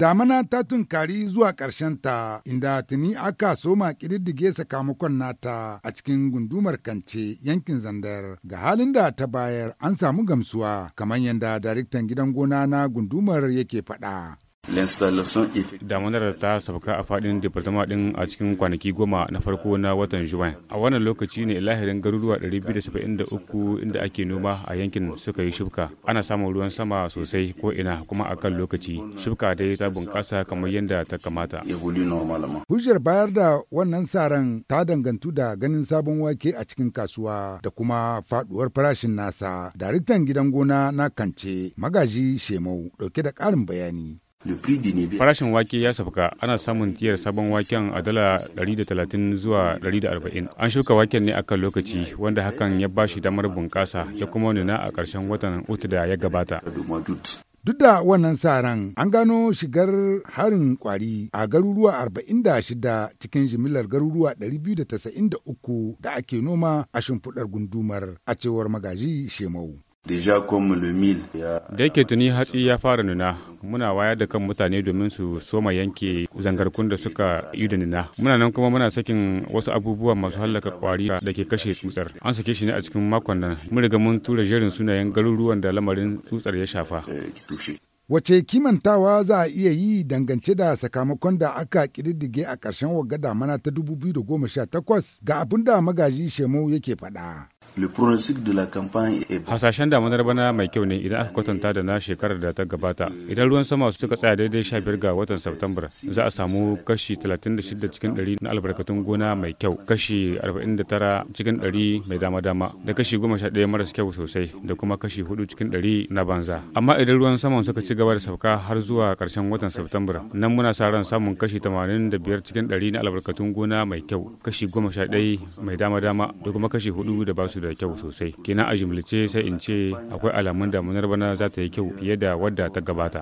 Damana ta tunkari zuwa ta inda tuni aka soma ƙididdige sakamakon nata a cikin gundumar Kance yankin Zandar. Ga halin da ta bayar an samu gamsuwa kamar yadda daraktan gidan gona na gundumar yake faɗa. Damunar ta safka a fadin departement din a cikin kwanaki goma na farko na watan Juwan. A wannan lokaci ne lahirin garuruwa 273 inda ake noma a yankin suka yi shifka. Ana samun ruwan sama sosai ko ina kuma a kan lokaci. Shifka dai ta bunƙasa kamar yadda ta kamata. Hujjar bayar da wannan saran ta dangantu da ganin sabon wake a cikin kasuwa da kuma faduwar farashin nasa. Daraktan gidan gona na Kance, Magaji Shemau, dauke da ƙarin bayani. Farashin wake ya sauka ana samun tiyar sabon waken a dala 130 zuwa 140. An shuka waken ne akan lokaci wanda hakan ya bashi damar bunƙasa ya kuma nuna a ƙarshen watan Utu da ya gabata. Duk da wannan sa ran an gano shigar harin kwari a garuruwa 46 cikin jimillar garuruwa 293 da ake noma a shimfiɗar gundumar a cewar magaji Shemau. Da yake tuni hatsi ya fara nuna, muna wayar da kan mutane domin su soma yanke zangarkun da suka yi da nuna. Muna nan kuma muna sakin wasu abubuwa masu hallaka kwari da ke kashe tsutsar. An sake shi ne a cikin makon nan. Mun riga mun tura jerin sunayen garuruwan da lamarin tsutsar ya shafa. Eh, Wace kimantawa za a iya yi dangance da sakamakon da aka kididdige a ƙarshen wagga mana ta 2018 ga abin da magaji Shemo yake faɗa. Hasashen damanar bana mai kyau ne idan aka kwatanta da na shekarar da ta gabata. Idan ruwan sama suka tsaya daidai 15 ga watan Satumbar, za a samu kashi 36 cikin 100 na albarkatun gona mai kyau, kashi 49 cikin 100 mai dama-dama, da kashi 11 maras kyau sosai, da kuma kashi 4 cikin 100 na banza. Amma idan ruwan sama suka ci gaba da sauka har zuwa karshen watan Satumbar, nan muna sa ran samun kashi 85 cikin 100 na albarkatun gona mai kyau, kashi 11 mai dama-dama, da kuma kashi 4 da basu su da kyau sosai kina a jimlice sai in ce akwai alamun damunar bana za ta yi kyau fiye da wadda ta gabata